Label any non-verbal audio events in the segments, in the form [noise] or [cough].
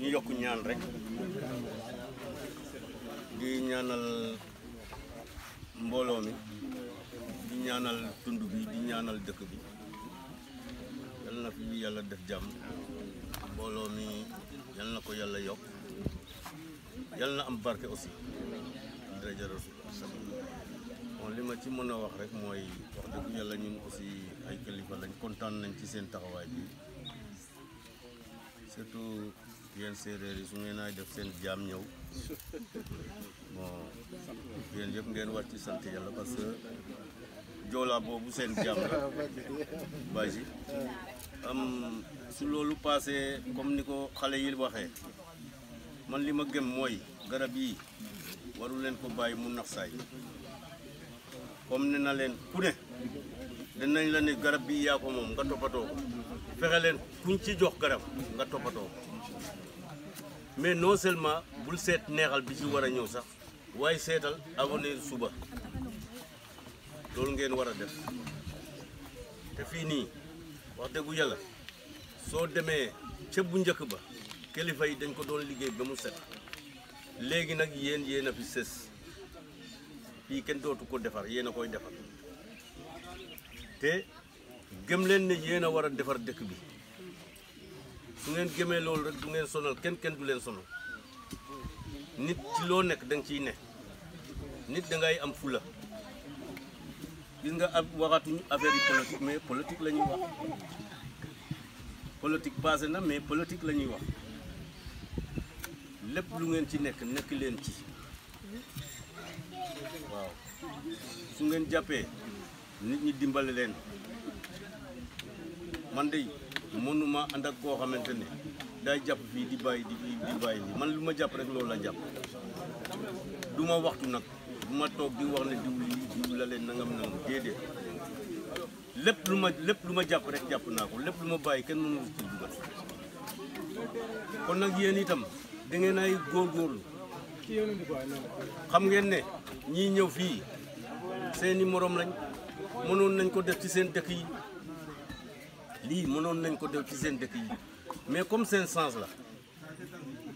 ñu yokk ñaan rek di ñaanal mbooloo mi di ñaanal tund bi di ñaanal dëkk bi yal na fi yàlla def jàmm mbooloo mi yal na ko yàlla yokk yal na am barke aussi daraja rasul bon li ma ci mën a wax rek mooy wax dëgg yàlla ñun aussi ay kilifa lañ kontaan nañ ci seen taxawaay bi surtout yéen séeréer yi su ngeen ay def seen jaam ñëw bon yéen yëpp ngeen war ci sant yàlla parce que joolaa boobu seen jaam la baji am su loolu passé comme ni ko xale yi waxee man li ma gëm mooy garab yi waru leen ko bàyyi mu nax saay comme ne leen ku ne danañ la ne garab bi yaa ko moom nga toppatoo fexe leen kuñ ci jox garab nga toppatoo mais non seulement bul seet neexal bi ci war a ñëw sax waaye seetal avenir suba loolu ngeen war a def te fii nii wax dëggu yàlla soo demee ca bu njëkk ba kilifa yi dañ ko doon liggéey ba mu set léegi nag yéen yéen a fi sës fii kenn dootu ko defar yéen a koy defar te gëm leen ne yéen a war a defar dëkk bi su ngeen gëmee loolu rek du ngeen sonal kenn kenn du leen sonal nit loo nekk da nga ciy ne nit dangay am fula gis nga ab waxatuñu affaire yi mais politique la ñuy wax politique passé na mais politique la ñuy wax lépp lu ngeen ci nekk nekk leen ci waaw su ngeen jàppee nit ñi dimbale leen man day mënuma and ak ko xamanteni day jàpp di bay di di ni man luma japp rek loolu la japp duma waxtu nak duma tok di wax ne diw lii diw la len nangam nang, dede lepp lu ma luma lu ma rek japp nako, lepp luma lu ma mënu ci dugal kon nak yeen itam da ngeen ay xam ngeen ne ñi ñew fi seeni morom lañ mënon nañ ko def ci seen dekk yi lii mënoon nañ ko def ci seen dëkk yi mais comme seen sance la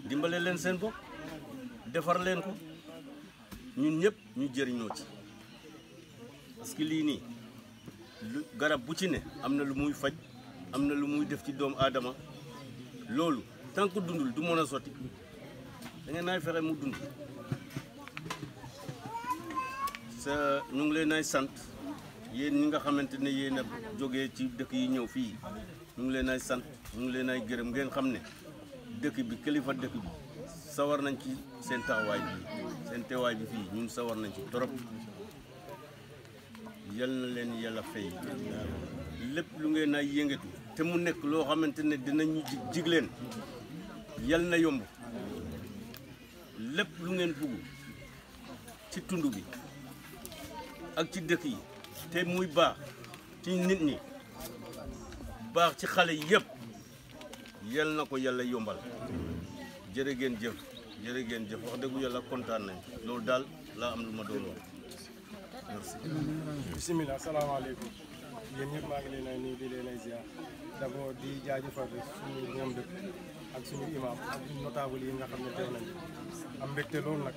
dimbale leen seen bopp defar leen ko ñun ñëpp ñu jëriñoo ci parce que lii nii garab bu ci ne am na lu muy faj am na lu muy def ci doomu aadama loolu tant que dundul du mën a sotti da ngeen fexe mu dund sa ñu ngi leen nay sant yéen ñi nga xamante ne yéen a jógee ci dëkk yi ñëw fii ñu ngi leen ay sant ñu ngi leen ay gërëm ngeen xam ne dëkk bi kilifa dëkk bi sawar nañ ci seen taxawaay bi seen teewaay bi fii ñun sawar nañ ci trop yal na leen yàlla fay lépp lu ngeen ay yëngatu te mu nekk loo xamante ne dinañu jig jig yal na yomb lépp lu ngeen bugg ci tund bi ak ci dëkk yi te muy baax ci nit ñi baax ci xale yëpp yal na ko yàlla yombal jërë ngeen jëf jërë jëf wax dëggu yàlla kontaan nañ loolu daal laa am lu ma doon wax merci. bisimilah salaamaaleykum yéen ñëpp maa ngi leen a nuyu di leen ay ziar d'abord di jaajëfal suñu ñoom dëkk ak suñu imam notable yi nga xam ne teew nañu am mbégte loolu nag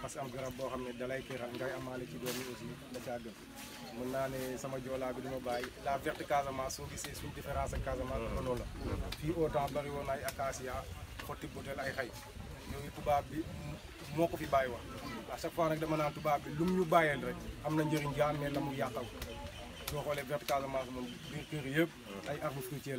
parce que am garab boo xam ne dalay teral ngay amaale ci doom yi aussi da caa gën naa ne sama joolaa bi du ma bàyyi la verte Casamance soo gisee suñ différence ak Casamance dama mm. loolu la fii autant bari ay acacia xotti butel ay xay yooyu tubaab bi moo ko fi bàyyi wax à chaque fois nag dama naan tubaab bi lum ñu bàyyeel rek am na njëriñ jaan mais la mu yàqal soo xoolee verte Casamance moom biir kër yëpp mm. ay arbre fruitier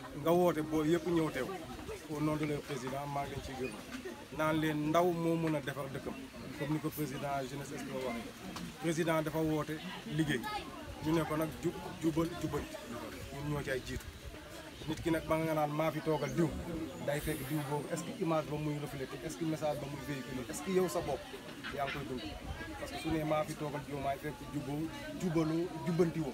nga woote boo yëpp ñëw teew au nom de leur maa ngi leen ciy naan leen ndaw moo mën a defar dëkkam comme ni ko président jeunesse expo waxee président dafa woote liggéey ñu nekkoo nag jub jubal jubal ñun ñoo ci ay jiitu nit ki nag nga naan maa fi toogal diw day fekk diw boobu est-ce que image ba muy reflété message ba muy véhiculé est-ce que yow sa bopp yaa ngi koy dund parce que su ne maa fi toogal diw maay fekk juboo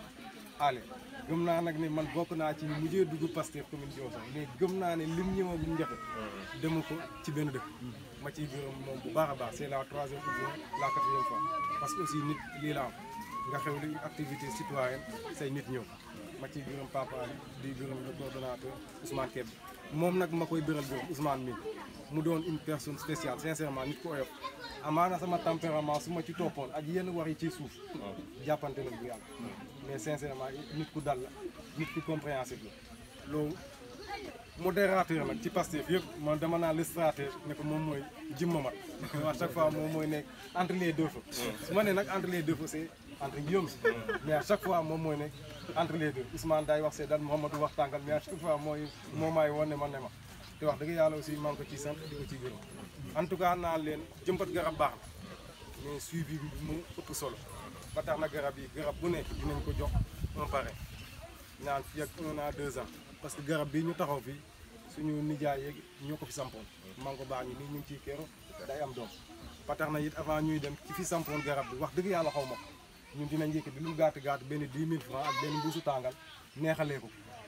xaale gëm naa nag ne man bokk naa ci mujjee dugg Pastef commune Diosso mais gëm naa ne lim ñëwaguñ jafe dema ko ci benn dëkk ma ciy gërëm moom bu baax a baax c'est la troisième fois la quatrième parce que aussi nit lii la am nga xew li activité citoyenne say nit ñëw ma ciy gërëm papa di gërëm le coordonnateur Ousmane Keb moom nag ma koy bëral gërëm Ousmane mi mu doon une personne spéciale sincèrement nit ko oyof amaana sama tempérament suma ma ci topol ak yenn wax yi ci suuf jàppante la bu yàgg mais sincèrement nit ku dal la nit ku compréhensible la modérateur nag ci Pastef yépp man dama na le stratège ne ko mom moy jimma mat à chaque fois mom moy né entre les deux feux su né nak entre les deux feux c'est entre Guillaume mais à chaque fois mom moy né entre les deux Ousmane Day wax dal Mohamed wax tangal. mais à chaque fois moy momay maay man né ma te wax dëgg yàlla aussi maa ngi ko ciy sant di ko ciy gërëm en tout cas naa leen jëmbat garab baax na mais suivi bi mu ëpp solo ba na garab yi garab bu nekk dinañ ko jox un pare naan fi ak un an deux ans parce que garab bi ñu taxaw fii suñu nijaay yeeg ñoo ko fi sampoon maa ko baax ñi nii ñu ngi ciy keroog day am doom ba tax na it avant ñuy dem ci fi sampoon garab bi wax dëgg yàlla xaw ma ñun dinañ yëkk di lu gàtt gàtt benn dix mille francs ak benn mbuusu tàngal neexalee ko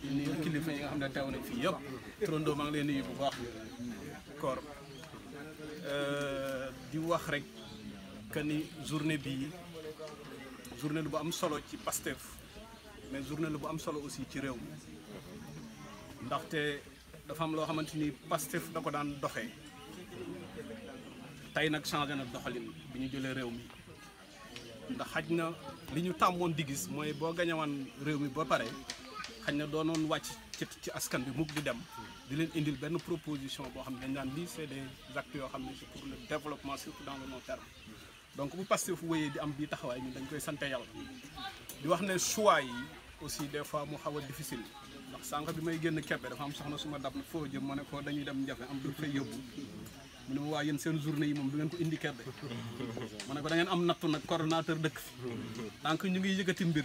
di kilifan yi nga xam ne teew nañ fii yëpp turandoo ngi leen nuyu bu baax koor euh, di wax rek que ni journée bii journée bu am solo ci Pastef mais journée bu am solo aussi ci réew mi ndaxte dafa am loo xamante ni Pastef da ko daan doxe tey nag changé na doxalin bi ñu jëlee réew mi ndax xaj na li ñu tàmmoon di gis mooy boo gañewaan réew mi ba pare xañ na doonoon wàcc ci ci askan bi mukk di dem di leen indil benn proposition boo xam ne dañ naan lii c'est des actes yoo xam ne c'est pour le développement surtout dans le long donc bu Pastef fu wéyee di am bii taxawaay ñun dañ koy sant yàlla di wax ne choix yi aussi des fois mu xaw a difficile ndax sànq bi may génn keppe dafa sax na suma dab na foo jëm ma ne ko dañuy dem njafe am du fay yóbbu mu ne ma waa yéen seen journée yi moom du ngeen ko indi keppe [laughs] ma ne ko da ngeen am nattu nag coordonnateur dëkk ñu ngi yëkkati mbir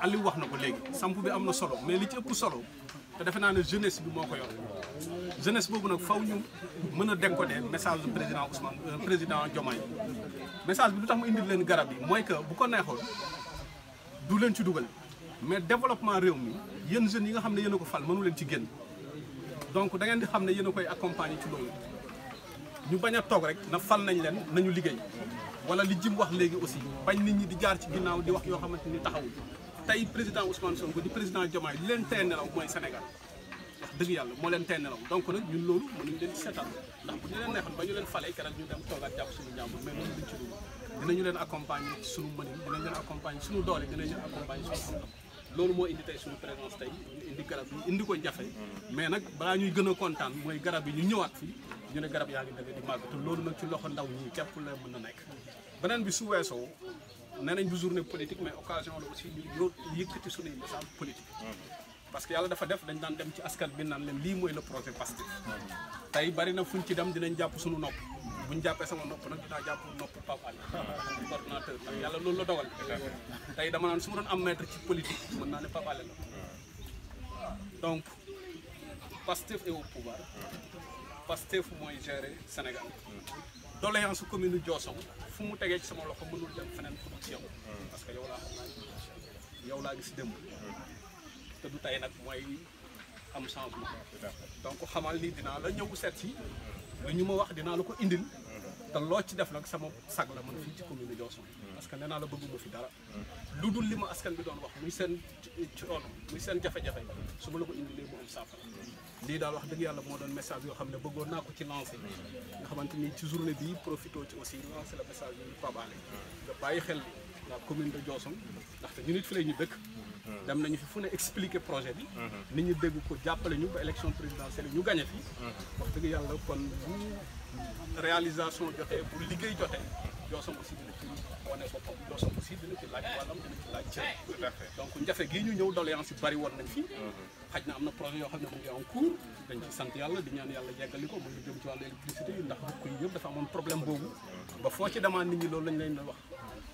Aliou wax na ko léegi samp bi am na solo mais li ci ëpp solo te defe naa ne jeunesse bi moo ko yor jeunesse boobu nag faw ñu mën a décoder message du président Ousmane euh, président Diomaye message bi lu tax mu indil leen garab yi mooy que bu ko neexoon du leen ci dugal mais développement réew mi yéen jeunes yi nga xam ne yéen a ko fal mënu leen ci génn donc da ngeen di xam ne yéen a koy accompagner ci loolu. ñu bañ a toog rek na fal nañ leen nañu liggéey wala li jim wax léegi aussi bañ nit ñi di jaar ci ginnaaw di wax yoo xamante ni taxawul président Ousmane Sonko di président Diomaye li leen teye nelaw mooy Sénégal wax dëgg yàlla moo leen teye nelaw donc nag ñun loolu mënuñ leen ci seetal ndax bu ñu leen neexoon ba ñu leen falee keral ñu dem toogaat jàpp suñu jàmbur mais loolu duñ ci dugg dinañu leen accompagner ci suñu mënin dinañ leen accompagner suñu doole dinañ leen accompagner suñu xam-xam indi tey suñu présence tey indi garab indi ko jafe mm. mais nag balaa ñuy gën a kontaan garab yi ñu ñëwaat fii ñu ne garab yaa ngi dëgg di màgg loolu nag ci loxo ndaw ñi képp la mën na nekk beneen bi su weesoo nee nañ bu journée politique mais occasion la aussi ñu yóot yëkkati suñuy message mm-hmm. parce que yàlla dafa def dañ daan dem ci askan bi naan leen lii mooy la projet Pastef mm-hmm. tey bari na fuñ ci dem dinañ jàpp suñu nopp bu ñu jàppee sama nopp nag dinaa jàpp nopp Pape yàlla loolu la dogal tey dama naan ma doon am maître ci politique mën naa ne Pape Alé mm-hmm. donc Pastef est au pouvoir fu moy gérer Sénégal doléance commune Diossong fu mu tégué ci sama loxo mënul dem fenen fu ci yow parce que yow la xam yow la gis dem te du tay nak moy am changement donc xamal ni dina la ñëw seet si ñu ma wax dina la ko indil te loo ci def nag sama sag la man fii ci commune Diossong hmm. parce que nee naa la bëgguma fi dara lu dul li ma askan bi doon wax muy seen coono muy seen jafe-jafe su ma la ko indilee mu am saafara lii daal wax dëgg yàlla moo doon message yoo xam ne bëggoon naa ko ci lancé hmm. nga xamante ni ci journée bi profité ci aussi lancé la message yi Fabale hmm. nga bàyyi xel la commune de Diossong ndaxte ñu nit fi lay ñu dëkk dem nañu fi fu ne expliquer projet bi nit ñu dégg ko jàppale ñu ba élection présidentielle ñu gañe fi réalisation joxe bu liggéey jotee Diosone aussi dina ci wane boppam Diosone aussi dina ci laaj wàllam ci laaj cër. donc njafe gii ñu ñëw doléance yi bari woon nañ fi. Mm-hmm. xaj na am na projet yoo xam ne mu ngi en cours. dañ ci sant yàlla di ñaan yàlla yeggali ko mu ngi jëm ci wàllu électricité yi ndax dëkk yi yëpp dafa amoon problème boobu. Mm-hmm. ba foo ci demande nit ñi loolu lañ leen wax.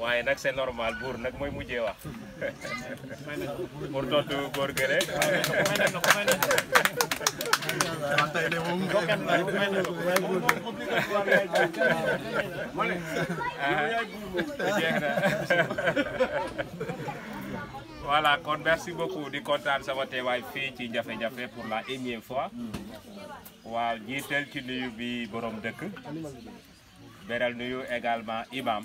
waye nak c'est normal bour nak moy mujjé wax pour [laughs] tontu góor gi rek [laughs] voilà kon merci beaucoup di contane sama teewaay fi ci jafé jafé pour la énième fois waaw jittel ci nuyu bi borom dëkk beral nuyu également imam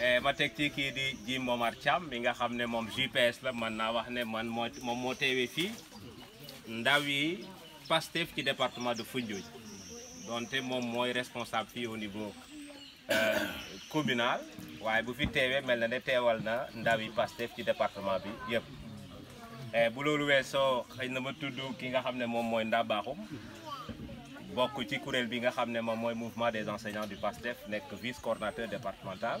Eh, ma teg ci kii di ji Momar cham mi nga xamne mom GPS la man na wax ne man mom mo moo fi fii ndaw yi Pastef ci département de Foundiougne donte mom moy responsable fi au niveau euh communal waye bu fi teewee mel na ne teewal na ndaw yi Pastef ci département bi yépp eh bu lolou wesso xëy na ma tudd ki nga xamne mom moy mooy Ndaa Bakhoum ci kuréel bi nga xamne mom moy mouvement des enseignants du Pastef nek vice coordinateur départemental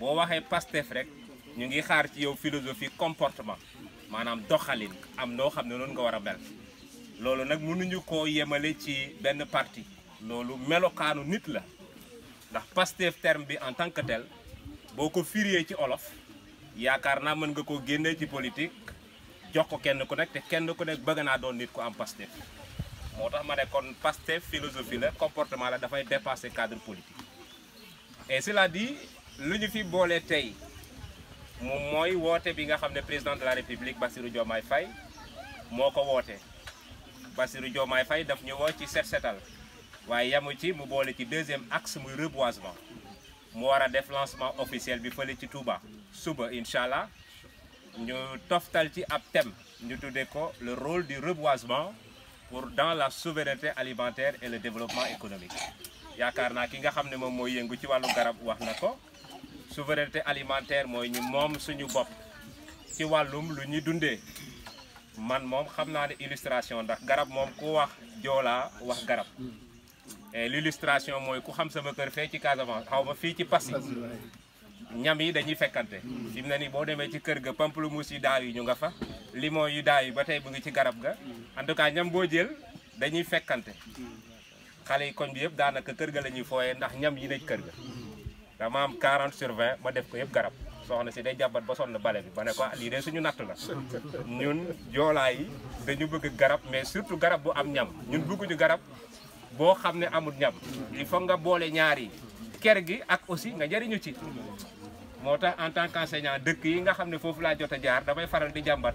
bo waxee Pastef rek ñu ngi xaar ci yow philosophie comportement manam doxalin am no xam ne noonu nga wara a lolu nak nag mënuñu koo yemale ci ben parti loolu melokaanu nit la ndax Pastef terme bi en tant que tel boko ko ci olof yaakar na mën nga koo génnee ci politique jox ko kenn ku nekk té kenn ku nekk bëgg naa doon nit ku am Pastef motax ma kon Pastef philosophie la comportement la fay dépasser cadre politique et cela dit lu ñu fi boole tey moom mooy woote bi nga xam président de la république Bassirou Diomaye Faye moo ko woote Bassirou Diomaye Faye daf ñu woo ci set setal waaye yamu ci mu boole ci deuxième axe muy reboisement mu war def lancement officiel bi fële ci Touba suba Inshallah, allah ñu toftal ci ab thème ñu tuddee ko le rôle du reboisement pour dans la souveraineté alimentaire et le développement économique yaakaar naa ki nga xam ne moom mooy yëngu ci wàllu garab wax na ko souveraineté alimentaire moy ñu mom suñu bop ci walum lu ñu dundé man mom xamna né illustration ndax garab mom ku wax jola wax garab et l'illustration moy ku xam sama kër fé ci Casamance xaw fi ci passé ñam yi dañuy fekkante fim na ni bo démé ci kër ga pamplemousse yi daaw yi ñu nga fa limon yi daaw yi ba bu ngi ci garab ga en tout cas ñam bo jël dañuy fekkante xalé yi koñ bi yëpp kër ga la foyé ndax ñam yi nañ kër ga dama am 40 sur 20 ma def ko yëpp garab soxna si day jàmbat ba sonn bale bi ba ne ko ah, lii de suñu natt la ñun joolaa yi dañu bëgg garab mais surtout garab bu am ñam ñun bëgguñu garab boo xam ne amul ñam il faut nga boole ñaar yi ker gi ak aussi nga jariñu ci moo tax en tant qu'enseignant dëkk yi nga xam ne foofu laa jot a jaar damay faral di jàmbat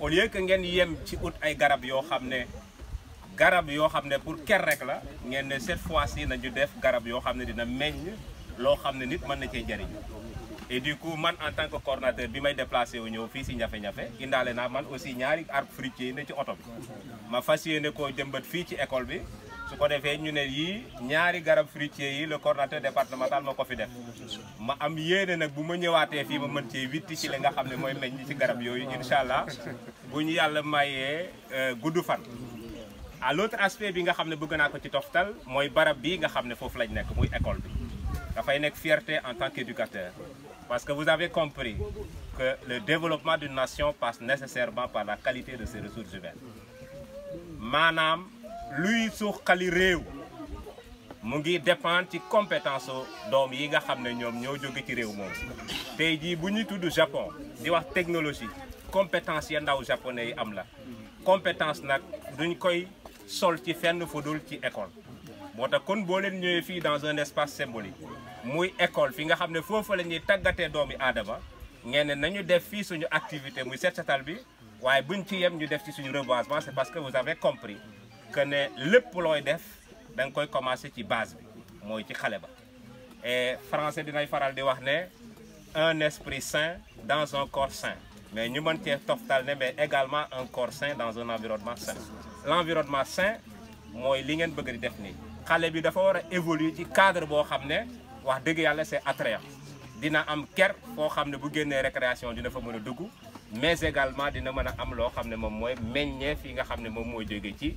au lieu que ngeen yem ci out ay garab yo xamné garab yo xamné pour kër rek la ngeen né cette fois ci nañu def garab yo xamné dina meñ lo xamné nit man na cee jëriñ et du coup man en tant que coordinateur bi may déplacer wu ñëw fii si ñafé ñafe indaale naa man aussi ñaari arc fruitier né ci auto bi ma fas yéene koo jëmbat fii ci école bi su ko defee ñu ne yii ñaari garab fruitier yi le coordinateur départemental moo ko fi def ma am yéene nag bu ma ñëwaatee fii ma mën cee witti ci li nga xam ne mooy meññ ci garab yooyu incha allah bu ñu yàlla mayee euh, gudd fan à l'autre aspect bi nga xam ne bëgg naa ko ci toftal mooy barab bi nga xam ne foofu lañ nekk muy école bi dafay nekk fierté en tant qu'éducateur parce que vous avez compris que le développement d'une nation passe nécessairement par la qualité de ses ressources humaines maanaam lui sur réew mu ngi dépend ci compétences dont yi nga xam ne ñoom ñoo jóge ci réew moom tey jii bu tudd Japon di wax technologie compétences ya ndaw japonais yi am la compétence nag duñ koy sol ci fenn fu dul ci école moo ta kon boo leen ñëwee fii dans un espace symbolique muy école fi nga xam ne foofu la ñuy tàggatee doomi aadama ngeen ne nañu def fii suñu activité muy set setal bi waaye buñ ci yem ñu def ci suñu reboisement c'est parce que vous avez compris que ne lepp loy def dang koy commencer ci base bi mooy ci xalé ba et français dinay faral di wax né un esprit sain dans un corps sain mais ñu mën ci toftal né mais également un corps sain dans un environnement sain l'environnement sain moy li ngeen bëgg di def ni xalé bi dafa wara évoluer ci cadre bo xamné ne wax dëgg yalla c'est attrayant dina am ker fo xamné bu génné récréation dina fa mëna a dugg mais également dina mëna am lo xamné mom moy mooy fi nga xamné mom moy mooy ci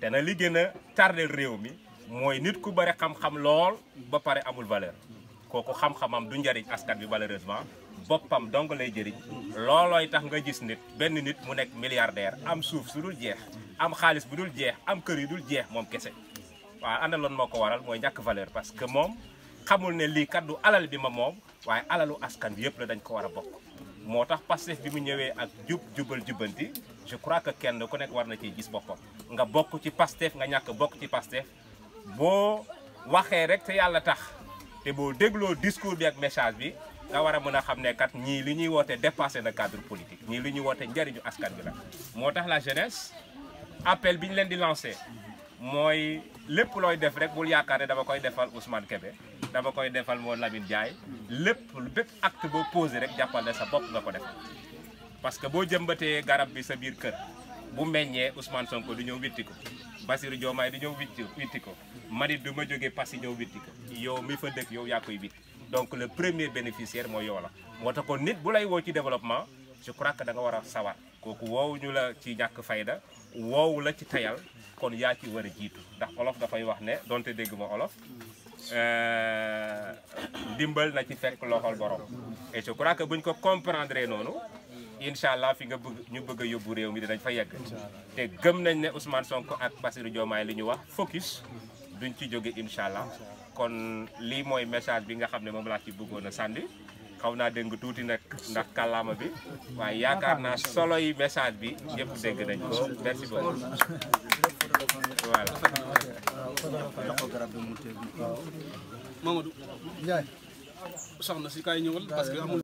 te na li gën a tardel réew mi mooy nit ku bari xam-xam lool ba pare amul valeur kooku xam-xamam du njariñ askan bi malheureusement boppam dong lay jëriñ loolooy tax nga gis nit benn nit mu nekk milliardaire am suuf su dul jeex am xaalis bu dul jeex am kër yu dul jeex moom kese waaw ana loon ko waral mooy ñàkk valeur parce que moom xamul ne lii kat alal bi ma moom waaye alalu askan bi yëpp la dañ ko war a bokk motax tax Pastef bi mu ñëwé ak djub djubal djubanti je crois que kenn ku nekk war na ci gis boppam nga bokk ci Pastef nga ñak bokk ci Pastef Bon, waxé rek té yalla tax té bo dégloo discours bi ak message bi nga wara mëna xamné kat ñi li ñuy woote dépassé cadre politique ñi li ñuy woote njëriñu askan bi la motax la jeunesse appel bi ñu leen di lancer moy lepp loy def rek bul yaakaar dama koy defal Ousmane Kébé dama koy defal moo Lamine jaay lépp lu bépp ak boo posé rek jàppal ne sa bopp nga ko def parce que boo jëmbatee garab bi sa biir kër bu meññee Ousmane Sonko du ñëw witti ko Bassirou Diomaye du ñëw witti witti ko man it du ma jógee Passy ñëw witti ko yow mi fa dëkk yow yaa koy witti donc le premier bénéficiaire mooy yow la moo tax kon nit bu lay woo ci développement je crois que da war a sawar kooku woowu ñu la ci ñàkk fayda woowu la ci tayal kon yaa ci war a jiitu ndax olof dafay wax ne donte dégg ma Euh, dimbal na ci fekk loxol borom et je crois buñ ko comprendre noonu incha allah fi nga bëgg ñu bëgg a yóbbu réew mi dinañ fa yegg te gëm nañ ne Ousmane Sonko ak Bassirou Diomaye li ñu wax focus duñ ci jóge incha allah kon lii mooy message bi nga xam ne moom laa ci bëggoon a xaw naa dégg tuuti nag ndax kàllaama bi waaye yaakaar naa solo yi message bi ñëpp dégg nañ ko merci voilà. jox ko garab bi mu teel Mamadou. Ndiaye. soxna si kaay ñëwal parce que amul.